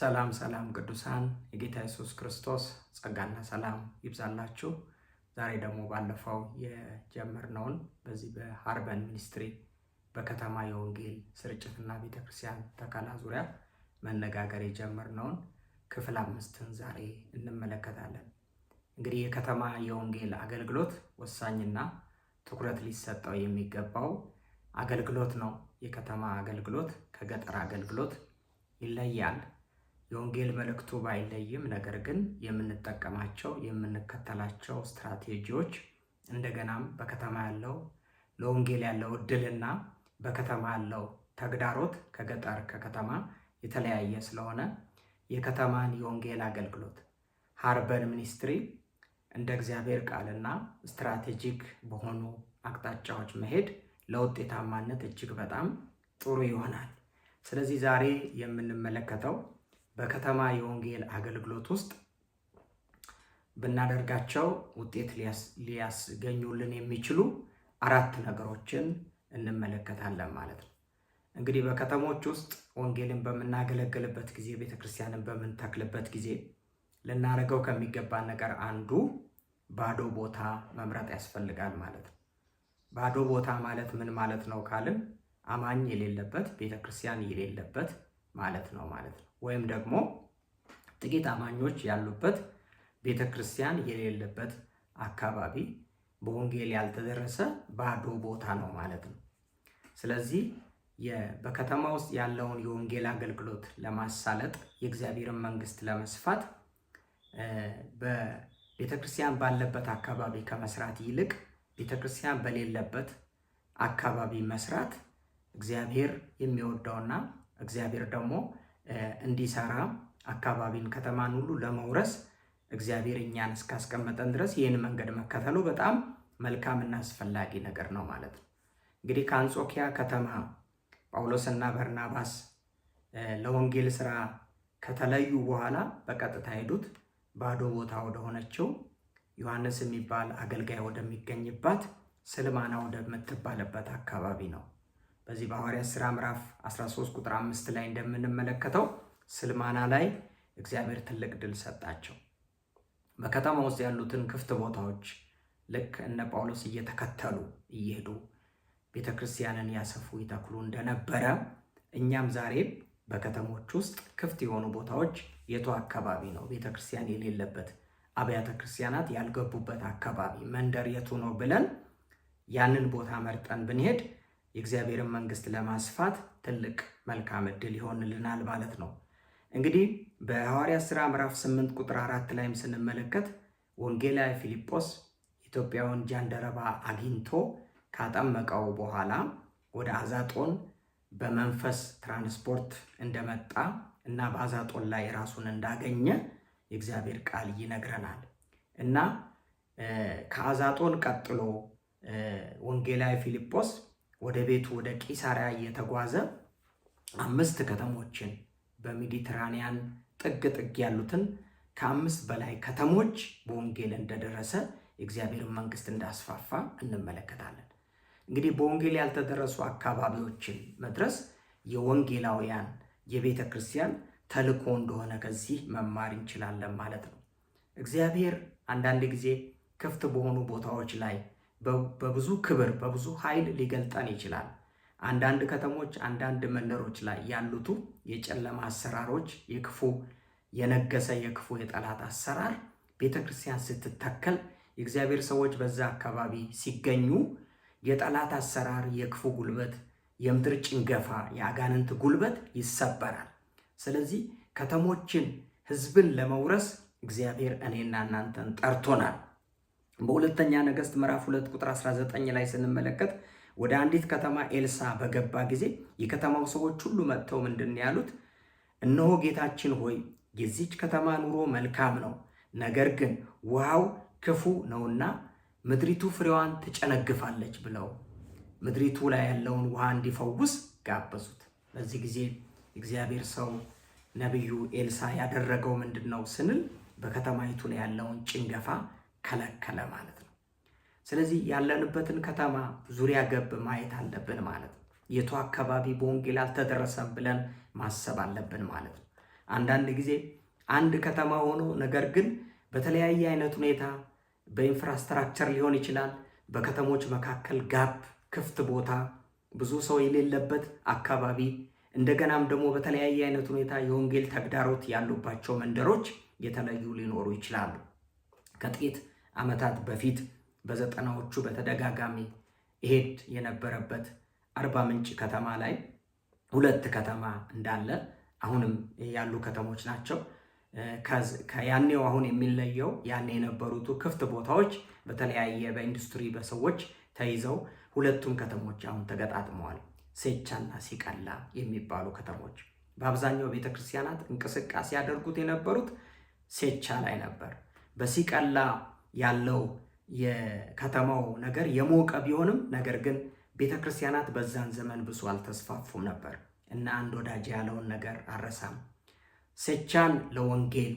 ሰላም ሰላም ቅዱሳን የጌታ ኢየሱስ ክርስቶስ ጸጋና ሰላም ይብዛላችሁ። ዛሬ ደግሞ ባለፈው የጀመርነውን በዚህ በሃርበን ሚኒስትሪ በከተማ የወንጌል ስርጭትና ቤተክርስቲያን ተከላ ዙሪያ መነጋገር የጀመርነውን ክፍል አምስትን ዛሬ እንመለከታለን። እንግዲህ የከተማ የወንጌል አገልግሎት ወሳኝና ትኩረት ሊሰጠው የሚገባው አገልግሎት ነው። የከተማ አገልግሎት ከገጠር አገልግሎት ይለያል። የወንጌል መልእክቱ ባይለይም ነገር ግን የምንጠቀማቸው የምንከተላቸው ስትራቴጂዎች እንደገናም በከተማ ያለው ለወንጌል ያለው እድልና በከተማ ያለው ተግዳሮት ከገጠር ከከተማ የተለያየ ስለሆነ የከተማን የወንጌል አገልግሎት ሃርበን ሚኒስትሪ እንደ እግዚአብሔር ቃልና ስትራቴጂክ በሆኑ አቅጣጫዎች መሄድ ለውጤታማነት እጅግ በጣም ጥሩ ይሆናል። ስለዚህ ዛሬ የምንመለከተው በከተማ የወንጌል አገልግሎት ውስጥ ብናደርጋቸው ውጤት ሊያስገኙልን የሚችሉ አራት ነገሮችን እንመለከታለን ማለት ነው። እንግዲህ በከተሞች ውስጥ ወንጌልን በምናገለግልበት ጊዜ፣ ቤተክርስቲያንን በምንተክልበት ጊዜ ልናደርገው ከሚገባን ነገር አንዱ ባዶ ቦታ መምረጥ ያስፈልጋል ማለት ነው። ባዶ ቦታ ማለት ምን ማለት ነው ካልን አማኝ የሌለበት ቤተክርስቲያን የሌለበት ማለት ነው ማለት ነው። ወይም ደግሞ ጥቂት አማኞች ያሉበት ቤተ ክርስቲያን የሌለበት አካባቢ በወንጌል ያልተደረሰ ባዶ ቦታ ነው ማለት ነው። ስለዚህ በከተማ ውስጥ ያለውን የወንጌል አገልግሎት ለማሳለጥ የእግዚአብሔርን መንግስት ለመስፋት በቤተ ክርስቲያን ባለበት አካባቢ ከመስራት ይልቅ ቤተ ክርስቲያን በሌለበት አካባቢ መስራት እግዚአብሔር የሚወደውና እግዚአብሔር ደግሞ እንዲሰራ አካባቢን፣ ከተማን ሁሉ ለመውረስ እግዚአብሔር እኛን እስካስቀመጠን ድረስ ይህን መንገድ መከተሉ በጣም መልካምና አስፈላጊ ነገር ነው ማለት ነው። እንግዲህ ከአንጾኪያ ከተማ ጳውሎስና በርናባስ ለወንጌል ስራ ከተለዩ በኋላ በቀጥታ ሄዱት ባዶ ቦታ ወደሆነችው ዮሐንስ የሚባል አገልጋይ ወደሚገኝባት ስልማና ወደምትባልበት አካባቢ ነው። በዚህ በሐዋርያት ሥራ ምዕራፍ 13 ቁጥር 5 ላይ እንደምንመለከተው ስልማና ላይ እግዚአብሔር ትልቅ ድል ሰጣቸው። በከተማ ውስጥ ያሉትን ክፍት ቦታዎች ልክ እነ ጳውሎስ እየተከተሉ እየሄዱ ቤተ ክርስቲያንን ያሰፉ ይተክሉ እንደነበረ እኛም ዛሬ በከተሞች ውስጥ ክፍት የሆኑ ቦታዎች የቱ አካባቢ ነው ቤተ ክርስቲያን የሌለበት አብያተ ክርስቲያናት ያልገቡበት አካባቢ መንደር የቱ ነው ብለን ያንን ቦታ መርጠን ብንሄድ የእግዚአብሔርን መንግስት ለማስፋት ትልቅ መልካም እድል ይሆንልናል ማለት ነው። እንግዲህ በሐዋርያት ሥራ ምዕራፍ 8 ቁጥር 4 ላይም ስንመለከት ወንጌላዊ ፊልጶስ ኢትዮጵያውን ጃንደረባ አግኝቶ ካጠመቀው በኋላ ወደ አዛጦን በመንፈስ ትራንስፖርት እንደመጣ እና በአዛጦን ላይ ራሱን እንዳገኘ የእግዚአብሔር ቃል ይነግረናል እና ከአዛጦን ቀጥሎ ወንጌላዊ ፊልጶስ ወደ ቤቱ ወደ ቂሳሪያ እየተጓዘ አምስት ከተሞችን በሜዲትራኒያን ጥግ ጥግ ያሉትን ከአምስት በላይ ከተሞች በወንጌል እንደደረሰ የእግዚአብሔርን መንግስት እንዳስፋፋ እንመለከታለን። እንግዲህ በወንጌል ያልተደረሱ አካባቢዎችን መድረስ የወንጌላውያን የቤተ ክርስቲያን ተልእኮ እንደሆነ ከዚህ መማር እንችላለን ማለት ነው። እግዚአብሔር አንዳንድ ጊዜ ክፍት በሆኑ ቦታዎች ላይ በብዙ ክብር በብዙ ኃይል ሊገልጠን ይችላል። አንዳንድ ከተሞች፣ አንዳንድ መንደሮች ላይ ያሉቱ የጨለማ አሰራሮች፣ የክፉ የነገሰ የክፉ የጠላት አሰራር ቤተክርስቲያን ስትተከል የእግዚአብሔር ሰዎች በዛ አካባቢ ሲገኙ የጠላት አሰራር፣ የክፉ ጉልበት፣ የምድር ጭንገፋ፣ የአጋንንት ጉልበት ይሰበራል። ስለዚህ ከተሞችን፣ ህዝብን ለመውረስ እግዚአብሔር እኔና እናንተን ጠርቶናል። በሁለተኛ ነገሥት ምዕራፍ 2 ቁጥር 19 ላይ ስንመለከት ወደ አንዲት ከተማ ኤልሳ በገባ ጊዜ የከተማው ሰዎች ሁሉ መጥተው ምንድን ያሉት? እነሆ ጌታችን ሆይ የዚች ከተማ ኑሮ መልካም ነው፣ ነገር ግን ውሃው ክፉ ነውና ምድሪቱ ፍሬዋን ትጨነግፋለች ብለው ምድሪቱ ላይ ያለውን ውሃ እንዲፈውስ ጋበዙት። በዚህ ጊዜ እግዚአብሔር ሰው ነቢዩ ኤልሳ ያደረገው ምንድን ነው ስንል በከተማይቱ ላይ ያለውን ጭንገፋ ከለከለ ማለት ነው። ስለዚህ ያለንበትን ከተማ ዙሪያ ገብ ማየት አለብን ማለት ነው። የቱ አካባቢ በወንጌል አልተደረሰም ብለን ማሰብ አለብን ማለት ነው። አንዳንድ ጊዜ አንድ ከተማ ሆኖ ነገር ግን በተለያየ አይነት ሁኔታ በኢንፍራስትራክቸር ሊሆን ይችላል፣ በከተሞች መካከል ጋፕ ክፍት ቦታ ብዙ ሰው የሌለበት አካባቢ እንደገናም ደግሞ በተለያየ አይነት ሁኔታ የወንጌል ተግዳሮት ያሉባቸው መንደሮች የተለዩ ሊኖሩ ይችላሉ። ከጥቂት ዓመታት በፊት በዘጠናዎቹ በተደጋጋሚ ሄድ የነበረበት አርባ ምንጭ ከተማ ላይ ሁለት ከተማ እንዳለ አሁንም ያሉ ከተሞች ናቸው። ከያኔው አሁን የሚለየው ያኔ የነበሩት ክፍት ቦታዎች በተለያየ በኢንዱስትሪ በሰዎች ተይዘው ሁለቱም ከተሞች አሁን ተገጣጥመዋል። ሴቻና ሲቀላ የሚባሉ ከተሞች በአብዛኛው ቤተክርስቲያናት እንቅስቃሴ ያደርጉት የነበሩት ሴቻ ላይ ነበር። በሲቀላ ያለው የከተማው ነገር የሞቀ ቢሆንም ነገር ግን ቤተ ክርስቲያናት በዛን ዘመን ብዙ አልተስፋፉም ነበር እና አንድ ወዳጅ ያለውን ነገር አረሳም። ስቻን ለወንጌል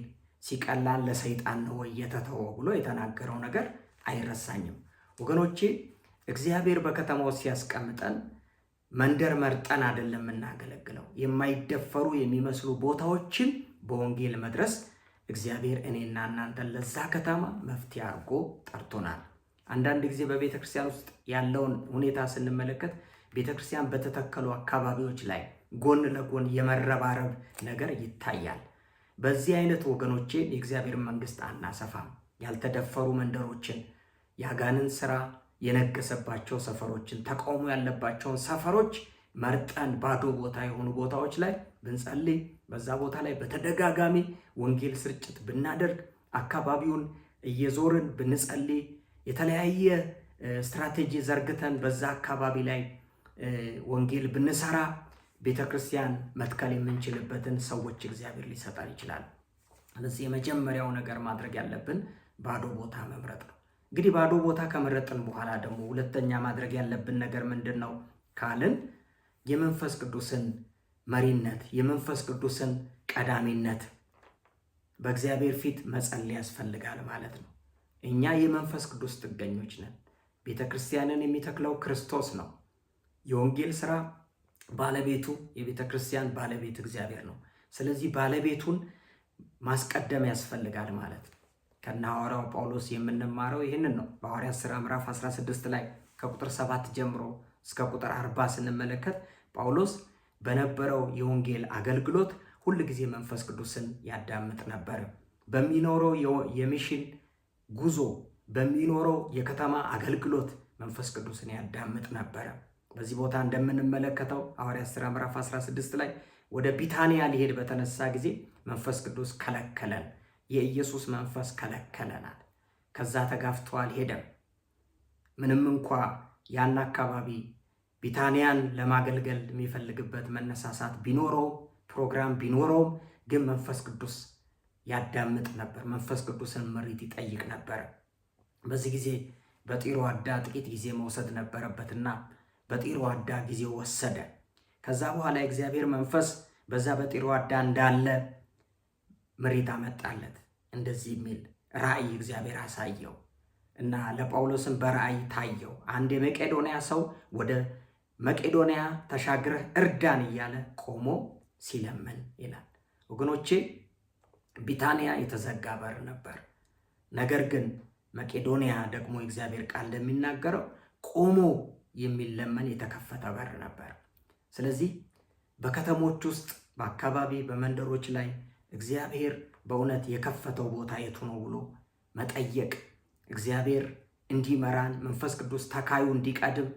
ሲቀላል ለሰይጣን ነው እየተተወ ብሎ የተናገረው ነገር አይረሳኝም። ወገኖቼ እግዚአብሔር በከተማ ውስጥ ሲያስቀምጠን መንደር መርጠን አይደለም የምናገለግለው። የማይደፈሩ የሚመስሉ ቦታዎችን በወንጌል መድረስ እግዚአብሔር እኔና እናንተን ለዛ ከተማ መፍትሄ አድርጎ ጠርቶናል። አንዳንድ ጊዜ በቤተ ክርስቲያን ውስጥ ያለውን ሁኔታ ስንመለከት ቤተ ክርስቲያን በተተከሉ አካባቢዎች ላይ ጎን ለጎን የመረባረብ ነገር ይታያል። በዚህ አይነት ወገኖቼ የእግዚአብሔር መንግስት አናሰፋም። ያልተደፈሩ መንደሮችን፣ የአጋንን ስራ የነገሰባቸው ሰፈሮችን፣ ተቃውሞ ያለባቸውን ሰፈሮች መርጠን ባዶ ቦታ የሆኑ ቦታዎች ላይ ብንጸልይ፣ በዛ ቦታ ላይ በተደጋጋሚ ወንጌል ስርጭት ብናደርግ፣ አካባቢውን እየዞርን ብንጸልይ፣ የተለያየ ስትራቴጂ ዘርግተን በዛ አካባቢ ላይ ወንጌል ብንሰራ ቤተ ክርስቲያን መትከል የምንችልበትን ሰዎች እግዚአብሔር ሊሰጠን ይችላል። ስለዚህ የመጀመሪያው ነገር ማድረግ ያለብን ባዶ ቦታ መምረጥ ነው። እንግዲህ ባዶ ቦታ ከመረጥን በኋላ ደግሞ ሁለተኛ ማድረግ ያለብን ነገር ምንድን ነው ካልን የመንፈስ ቅዱስን መሪነት የመንፈስ ቅዱስን ቀዳሚነት በእግዚአብሔር ፊት መጸለይ ያስፈልጋል ማለት ነው። እኛ የመንፈስ ቅዱስ ጥገኞች ነን። ቤተ ክርስቲያንን የሚተክለው ክርስቶስ ነው። የወንጌል ስራ ባለቤቱ የቤተ ክርስቲያን ባለቤት እግዚአብሔር ነው። ስለዚህ ባለቤቱን ማስቀደም ያስፈልጋል ማለት ነው። ከነ ሐዋርያው ጳውሎስ የምንማረው ይህንን ነው። በሐዋርያት ሥራ ምዕራፍ 16 ላይ ከቁጥር 7 ጀምሮ እስከ ቁጥር 40 ስንመለከት ጳውሎስ በነበረው የወንጌል አገልግሎት ሁል ጊዜ መንፈስ ቅዱስን ያዳምጥ ነበር። በሚኖረው የሚሽን ጉዞ፣ በሚኖረው የከተማ አገልግሎት መንፈስ ቅዱስን ያዳምጥ ነበረ። በዚህ ቦታ እንደምንመለከተው ሐዋርያት ሥራ ምዕራፍ 16 ላይ ወደ ቢታንያ ሊሄድ በተነሳ ጊዜ መንፈስ ቅዱስ ከለከለን። የኢየሱስ መንፈስ ከለከለናል። ከዛ ተጋፍቶ አልሄደም። ምንም እንኳ ያን አካባቢ ቢታንያን ለማገልገል የሚፈልግበት መነሳሳት ቢኖረው ፕሮግራም ቢኖረው ግን መንፈስ ቅዱስ ያዳምጥ ነበር። መንፈስ ቅዱስን ምሪት ይጠይቅ ነበር። በዚህ ጊዜ በጢሮ አዳ ጥቂት ጊዜ መውሰድ ነበረበትና በጢሮ አዳ ጊዜ ወሰደ። ከዛ በኋላ የእግዚአብሔር መንፈስ በዛ በጢሮ አዳ እንዳለ ምሪት አመጣለት። እንደዚህ የሚል ራእይ እግዚአብሔር አሳየው እና ለጳውሎስን በራእይ ታየው። አንድ የመቄዶንያ ሰው ወደ መቄዶንያ ተሻግረህ እርዳን እያለ ቆሞ ሲለምን ይላል። ወገኖቼ ቢታንያ የተዘጋ በር ነበር። ነገር ግን መቄዶንያ ደግሞ እግዚአብሔር ቃል እንደሚናገረው ቆሞ የሚለመን የተከፈተ በር ነበር። ስለዚህ በከተሞች ውስጥ በአካባቢ በመንደሮች ላይ እግዚአብሔር በእውነት የከፈተው ቦታ የቱ ነው ብሎ መጠየቅ፣ እግዚአብሔር እንዲመራን መንፈስ ቅዱስ ተካዩ እንዲቀድም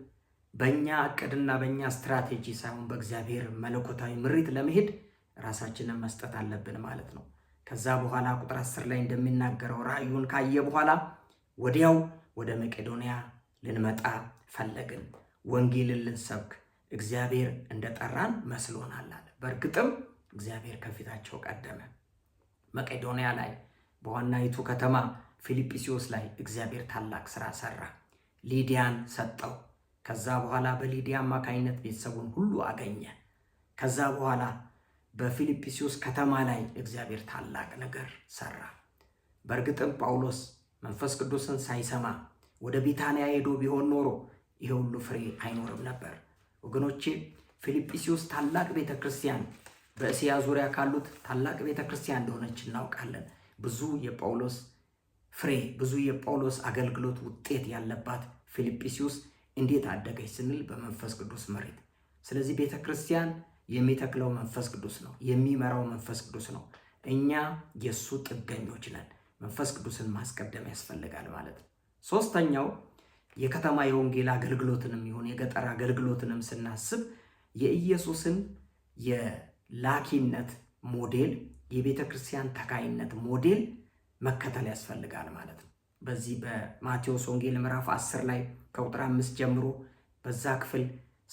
በእኛ እቅድና በእኛ ስትራቴጂ ሳይሆን በእግዚአብሔር መለኮታዊ ምሪት ለመሄድ ራሳችንን መስጠት አለብን ማለት ነው። ከዛ በኋላ ቁጥር አስር ላይ እንደሚናገረው ራእዩን ካየ በኋላ ወዲያው ወደ መቄዶንያ ልንመጣ ፈለግን፣ ወንጌልን ልንሰብክ እግዚአብሔር እንደጠራን መስሎናል አለ። በእርግጥም እግዚአብሔር ከፊታቸው ቀደመ። መቄዶንያ ላይ በዋናይቱ ከተማ ፊልጵስዩስ ላይ እግዚአብሔር ታላቅ ስራ ሰራ ሊዲያን ሰጠው ከዛ በኋላ በሊዲያ አማካኝነት ቤተሰቡን ሁሉ አገኘ። ከዛ በኋላ በፊልጵስዩስ ከተማ ላይ እግዚአብሔር ታላቅ ነገር ሰራ። በእርግጥም ጳውሎስ መንፈስ ቅዱስን ሳይሰማ ወደ ቢታንያ ሄዶ ቢሆን ኖሮ ይሄ ሁሉ ፍሬ አይኖርም ነበር። ወገኖቼ ፊልጵስዩስ ታላቅ ቤተ ክርስቲያን በእስያ ዙሪያ ካሉት ታላቅ ቤተ ክርስቲያን እንደሆነች እናውቃለን። ብዙ የጳውሎስ ፍሬ ብዙ የጳውሎስ አገልግሎት ውጤት ያለባት ፊልጵስዩስ እንዴት አደገች ስንል በመንፈስ ቅዱስ መሬት። ስለዚህ ቤተ ክርስቲያን የሚተክለው መንፈስ ቅዱስ ነው፣ የሚመራው መንፈስ ቅዱስ ነው። እኛ የእሱ ጥገኞች ነን። መንፈስ ቅዱስን ማስቀደም ያስፈልጋል ማለት ነው። ሶስተኛው የከተማ የወንጌል አገልግሎትንም ይሁን የገጠር አገልግሎትንም ስናስብ የኢየሱስን የላኪነት ሞዴል የቤተ ክርስቲያን ተካይነት ሞዴል መከተል ያስፈልጋል ማለት ነው። በዚህ በማቴዎስ ወንጌል ምዕራፍ 10 ላይ ከቁጥር 5 ጀምሮ በዛ ክፍል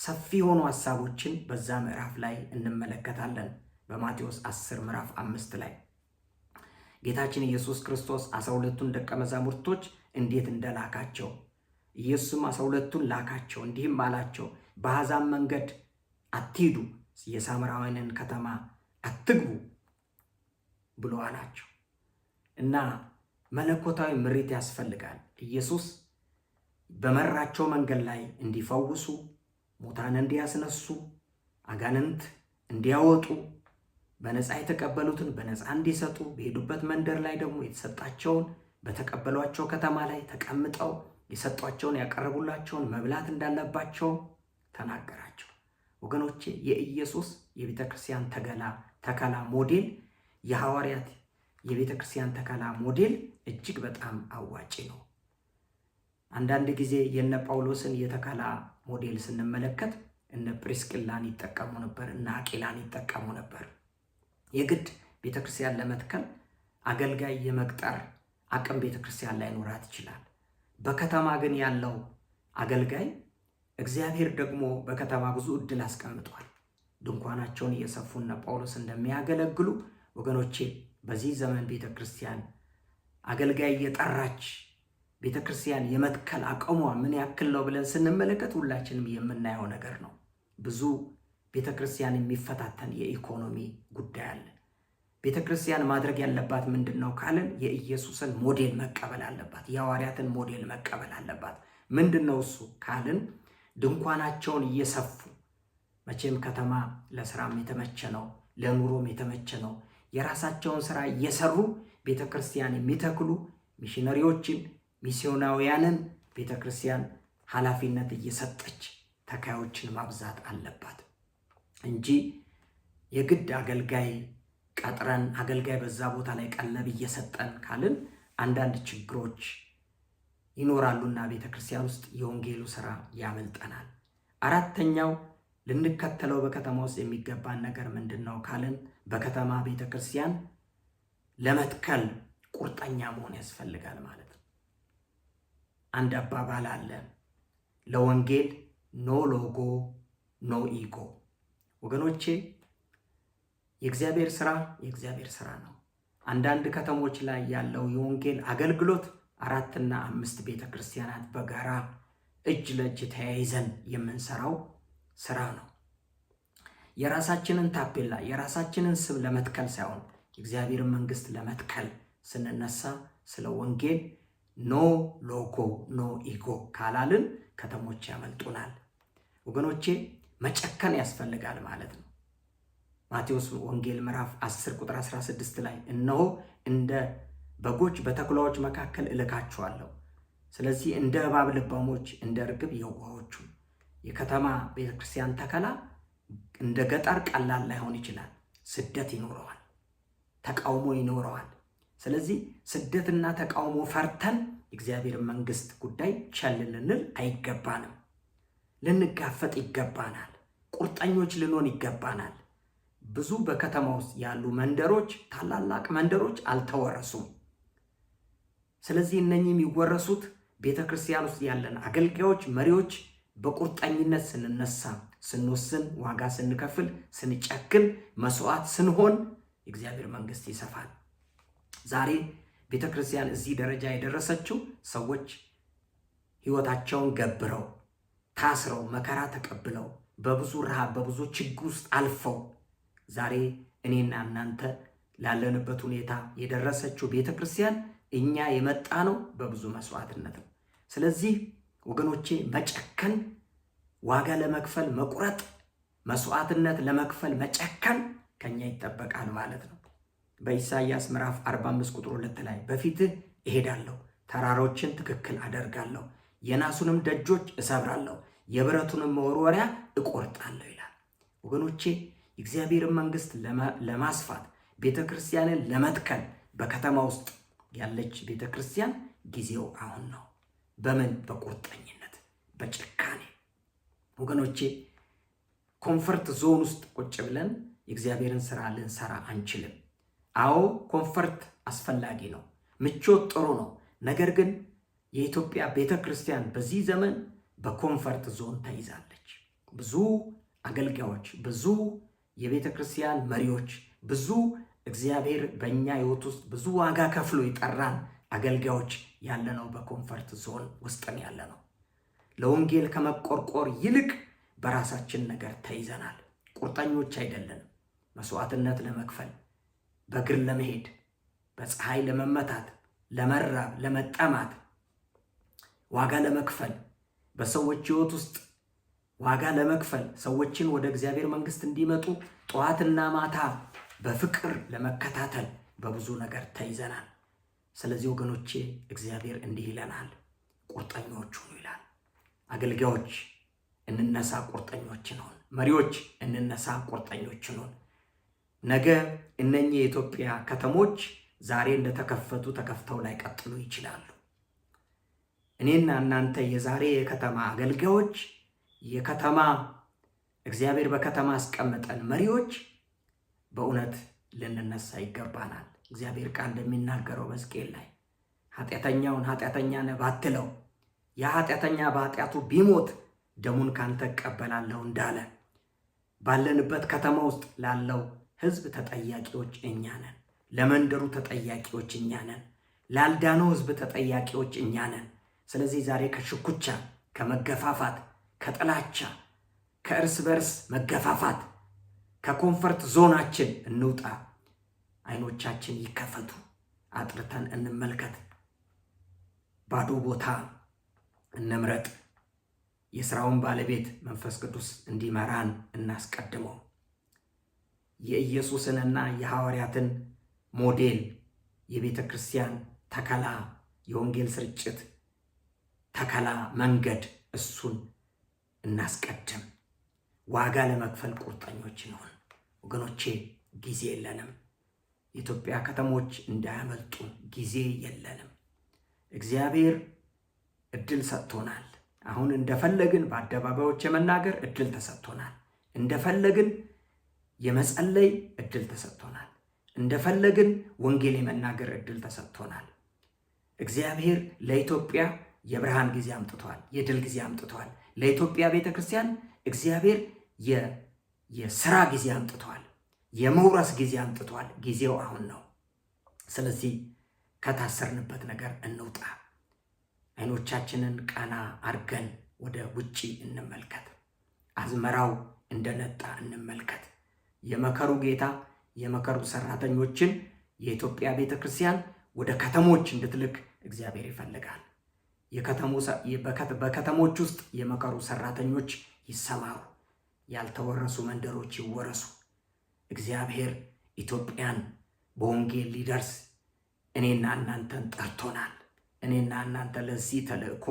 ሰፊ የሆኑ ሐሳቦችን በዛ ምዕራፍ ላይ እንመለከታለን። በማቴዎስ 10 ምዕራፍ 5 ላይ ጌታችን ኢየሱስ ክርስቶስ 12ቱን ደቀ መዛሙርቶች እንዴት እንደላካቸው ኢየሱስም 12ቱን ላካቸው፣ እንዲህም አላቸው በአሕዛብ መንገድ አትሂዱ፣ የሳምራውያንን ከተማ አትግቡ ብሎ አላቸው እና መለኮታዊ ምሪት ያስፈልጋል። ኢየሱስ በመራቸው መንገድ ላይ እንዲፈውሱ፣ ሙታን እንዲያስነሱ፣ አጋንንት እንዲያወጡ፣ በነፃ የተቀበሉትን በነፃ እንዲሰጡ፣ በሄዱበት መንደር ላይ ደግሞ የተሰጣቸውን በተቀበሏቸው ከተማ ላይ ተቀምጠው የሰጧቸውን ያቀረቡላቸውን መብላት እንዳለባቸው ተናገራቸው። ወገኖቼ የኢየሱስ የቤተ ክርስቲያን ተገላ ተከላ ሞዴል የሐዋርያት የቤተ ክርስቲያን ተከላ ሞዴል እጅግ በጣም አዋጪ ነው። አንዳንድ ጊዜ የነ ጳውሎስን የተከላ ሞዴል ስንመለከት እነ ጵሪስቅላን ይጠቀሙ ነበር፣ እነ አቂላን ይጠቀሙ ነበር። የግድ ቤተ ክርስቲያን ለመትከል አገልጋይ የመቅጠር አቅም ቤተ ክርስቲያን ላይኖራት ይችላል። በከተማ ግን ያለው አገልጋይ እግዚአብሔር ደግሞ በከተማ ብዙ እድል አስቀምጧል። ድንኳናቸውን እየሰፉ እነ ጳውሎስ እንደሚያገለግሉ ወገኖቼ በዚህ ዘመን ቤተ ክርስቲያን አገልጋይ የጠራች ቤተ ክርስቲያን የመትከል አቅሟ ምን ያክል ነው ብለን ስንመለከት ሁላችንም የምናየው ነገር ነው። ብዙ ቤተ ክርስቲያን የሚፈታተን የኢኮኖሚ ጉዳይ አለ። ቤተ ክርስቲያን ማድረግ ያለባት ምንድን ነው ካለን የኢየሱስን ሞዴል መቀበል አለባት። የሐዋርያትን ሞዴል መቀበል አለባት። ምንድን ነው እሱ ካልን ድንኳናቸውን እየሰፉ መቼም ከተማ ለስራም የተመቸ ነው፣ ለኑሮም የተመቸ ነው። የራሳቸውን ስራ እየሰሩ ቤተ ክርስቲያን የሚተክሉ ሚሽነሪዎችን፣ ሚስዮናውያንን ቤተ ክርስቲያን ኃላፊነት እየሰጠች ተካዮችን ማብዛት አለባት እንጂ የግድ አገልጋይ ቀጥረን አገልጋይ በዛ ቦታ ላይ ቀለብ እየሰጠን ካልን አንዳንድ ችግሮች ይኖራሉና ቤተ ክርስቲያን ውስጥ የወንጌሉ ስራ ያመልጠናል። አራተኛው ልንከተለው በከተማ ውስጥ የሚገባን ነገር ምንድን ነው ካልን በከተማ ቤተ ክርስቲያን ለመትከል ቁርጠኛ መሆን ያስፈልጋል ማለት ነው። አንድ አባባል አለ፣ ለወንጌል ኖ ሎጎ ኖ ኢጎ። ወገኖቼ የእግዚአብሔር ስራ የእግዚአብሔር ስራ ነው። አንዳንድ ከተሞች ላይ ያለው የወንጌል አገልግሎት አራትና አምስት ቤተ ክርስቲያናት በጋራ እጅ ለእጅ ተያይዘን የምንሰራው ስራ ነው። የራሳችንን ታፔላ የራሳችንን ስም ለመትከል ሳይሆን የእግዚአብሔርን መንግስት ለመትከል ስንነሳ ስለ ወንጌል ኖ ሎጎ ኖ ኢጎ ካላልን ከተሞች ያመልጡናል። ወገኖቼ መጨከን ያስፈልጋል ማለት ነው። ማቴዎስ ወንጌል ምዕራፍ 10 ቁጥር 16 ላይ እነሆ እንደ በጎች በተኩላዎች መካከል እልካችኋለሁ። ስለዚህ እንደ እባብ ልባሞች፣ እንደ ርግብ የዋሆቹ የከተማ ቤተክርስቲያን ተከላ እንደ ገጠር ቀላል ላይሆን ይችላል። ስደት ይኖረዋል፣ ተቃውሞ ይኖረዋል። ስለዚህ ስደትና ተቃውሞ ፈርተን የእግዚአብሔር መንግስት ጉዳይ ቸል ልንል አይገባንም። ልንጋፈጥ ይገባናል። ቁርጠኞች ልንሆን ይገባናል። ብዙ በከተማ ውስጥ ያሉ መንደሮች፣ ታላላቅ መንደሮች አልተወረሱም። ስለዚህ እነኚህ የሚወረሱት ቤተ ክርስቲያን ውስጥ ያለን አገልጋዮች፣ መሪዎች በቁርጠኝነት ስንነሳ ስንወስን፣ ዋጋ ስንከፍል፣ ስንጨክን፣ መስዋዕት ስንሆን የእግዚአብሔር መንግስት ይሰፋል። ዛሬ ቤተ ክርስቲያን እዚህ ደረጃ የደረሰችው ሰዎች ህይወታቸውን ገብረው ታስረው መከራ ተቀብለው በብዙ ረሃብ በብዙ ችግር ውስጥ አልፈው ዛሬ እኔና እናንተ ላለንበት ሁኔታ የደረሰችው ቤተ ክርስቲያን እኛ የመጣ ነው በብዙ መስዋዕትነት ነው። ስለዚህ ወገኖቼ መጨከን ዋጋ ለመክፈል መቁረጥ፣ መስዋዕትነት ለመክፈል መጨከን ከኛ ይጠበቃል ማለት ነው። በኢሳይያስ ምዕራፍ 45 ቁጥር 2 ላይ በፊትህ እሄዳለሁ፣ ተራሮችን ትክክል አደርጋለሁ፣ የናሱንም ደጆች እሰብራለሁ፣ የብረቱንም መወርወሪያ እቆርጣለሁ ይላል። ወገኖቼ የእግዚአብሔርን መንግስት ለማስፋት ቤተ ክርስቲያንን ለመትከል በከተማ ውስጥ ያለች ቤተ ክርስቲያን ጊዜው አሁን ነው። በምን? በቁርጠኝነት በጭካኔ ወገኖቼ ኮንፈርት ዞን ውስጥ ቁጭ ብለን የእግዚአብሔርን ስራ ልንሰራ አንችልም። አዎ ኮንፈርት አስፈላጊ ነው፣ ምቾት ጥሩ ነው። ነገር ግን የኢትዮጵያ ቤተ ክርስቲያን በዚህ ዘመን በኮንፈርት ዞን ተይዛለች። ብዙ አገልጋዮች፣ ብዙ የቤተ ክርስቲያን መሪዎች፣ ብዙ እግዚአብሔር በእኛ ህይወት ውስጥ ብዙ ዋጋ ከፍሎ ይጠራን አገልጋዮች ያለነው በኮንፈርት ዞን ውስጥን ያለነው ለወንጌል ከመቆርቆር ይልቅ በራሳችን ነገር ተይዘናል። ቁርጠኞች አይደለንም መስዋዕትነት ለመክፈል በእግር ለመሄድ በፀሐይ ለመመታት፣ ለመራብ፣ ለመጠማት ዋጋ ለመክፈል በሰዎች ሕይወት ውስጥ ዋጋ ለመክፈል ሰዎችን ወደ እግዚአብሔር መንግስት እንዲመጡ ጠዋትና ማታ በፍቅር ለመከታተል በብዙ ነገር ተይዘናል። ስለዚህ ወገኖቼ እግዚአብሔር እንዲህ ይለናል፣ ቁርጠኞች ሁኑ። አገልጋዮች እንነሳ፣ ቁርጠኞች ነን። መሪዎች እንነሳ፣ ቁርጠኞች ነን። ነገ እነኚህ የኢትዮጵያ ከተሞች ዛሬ እንደተከፈቱ ተከፍተው ላይ ቀጥሉ ይችላሉ። እኔና እናንተ የዛሬ የከተማ አገልጋዮች፣ የከተማ እግዚአብሔር በከተማ አስቀምጠን መሪዎች በእውነት ልንነሳ ይገባናል። እግዚአብሔር ቃል እንደሚናገረው በሕዝቅኤል ላይ ኃጢአተኛውን ኃጢአተኛ ነህ ባትለው የኃጢአተኛ በኃጢአቱ ቢሞት ደሙን ካንተ እቀበላለሁ እንዳለ ባለንበት ከተማ ውስጥ ላለው ህዝብ ተጠያቂዎች እኛ ነን። ለመንደሩ ተጠያቂዎች እኛ ነን። ላልዳነው ህዝብ ተጠያቂዎች እኛ ነን። ስለዚህ ዛሬ ከሽኩቻ፣ ከመገፋፋት፣ ከጥላቻ፣ ከእርስ በርስ መገፋፋት፣ ከኮንፈርት ዞናችን እንውጣ። አይኖቻችን ይከፈቱ። አጥርተን እንመልከት። ባዶ ቦታ እንምረጥ። የሥራውን ባለቤት መንፈስ ቅዱስ እንዲመራን እናስቀድመው። የኢየሱስንና የሐዋርያትን ሞዴል የቤተ ክርስቲያን ተከላ፣ የወንጌል ስርጭት ተከላ መንገድ እሱን እናስቀድም። ዋጋ ለመክፈል ቁርጠኞች ይሆን ወገኖቼ ጊዜ የለንም። የኢትዮጵያ ከተሞች እንዳያመልጡ ጊዜ የለንም። እግዚአብሔር እድል ሰጥቶናል። አሁን እንደፈለግን በአደባባዮች የመናገር እድል ተሰጥቶናል። እንደፈለግን የመጸለይ እድል ተሰጥቶናል። እንደፈለግን ወንጌል የመናገር እድል ተሰጥቶናል። እግዚአብሔር ለኢትዮጵያ የብርሃን ጊዜ አምጥቷል። የድል ጊዜ አምጥቷል። ለኢትዮጵያ ቤተ ክርስቲያን እግዚአብሔር የስራ ጊዜ አምጥቷል። የመውረስ ጊዜ አምጥቷል። ጊዜው አሁን ነው። ስለዚህ ከታሰርንበት ነገር እንውጣ። አይኖቻችንን ቀና አድርገን ወደ ውጪ እንመልከት። አዝመራው እንደነጣ እንመልከት። የመከሩ ጌታ የመከሩ ሰራተኞችን የኢትዮጵያ ቤተ ክርስቲያን ወደ ከተሞች እንድትልክ እግዚአብሔር ይፈልጋል። በከተሞች ውስጥ የመከሩ ሰራተኞች ይሰማሩ፣ ያልተወረሱ መንደሮች ይወረሱ። እግዚአብሔር ኢትዮጵያን በወንጌል ሊደርስ እኔና እናንተን ጠርቶናል። እኔና እናንተ ለዚህ ተልእኮ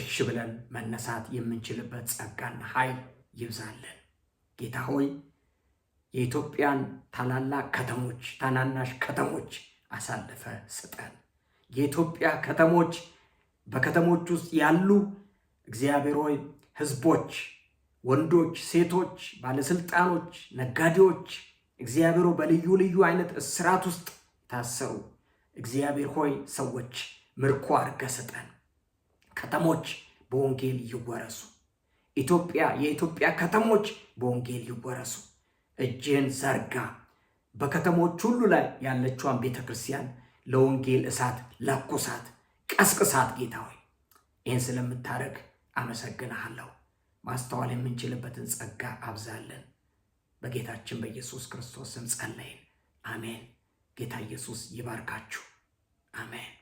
እሺ ብለን መነሳት የምንችልበት ጸጋና ኃይል ይብዛለን። ጌታ ሆይ የኢትዮጵያን ታላላቅ ከተሞች፣ ታናናሽ ከተሞች አሳልፈ ስጠን። የኢትዮጵያ ከተሞች በከተሞች ውስጥ ያሉ እግዚአብሔር ሆይ ህዝቦች፣ ወንዶች፣ ሴቶች፣ ባለስልጣኖች፣ ነጋዴዎች እግዚአብሔሮ በልዩ ልዩ አይነት እስራት ውስጥ ታሰሩ እግዚአብሔር ሆይ ሰዎች ምርኮ አድርገህ ስጠን። ከተሞች በወንጌል ይወረሱ። ኢትዮጵያ የኢትዮጵያ ከተሞች በወንጌል ይወረሱ። እጅን ዘርጋ። በከተሞች ሁሉ ላይ ያለችዋን ቤተ ክርስቲያን ለወንጌል እሳት ለኩሳት፣ ቀስቅሳት። ጌታ ሆይ ይህን ስለምታደርግ አመሰግንሃለሁ። ማስተዋል የምንችልበትን ጸጋ አብዛለን። በጌታችን በኢየሱስ ክርስቶስ ስም ጸለይን። አሜን። ጌታ ኢየሱስ ይባርካችሁ። አሜን።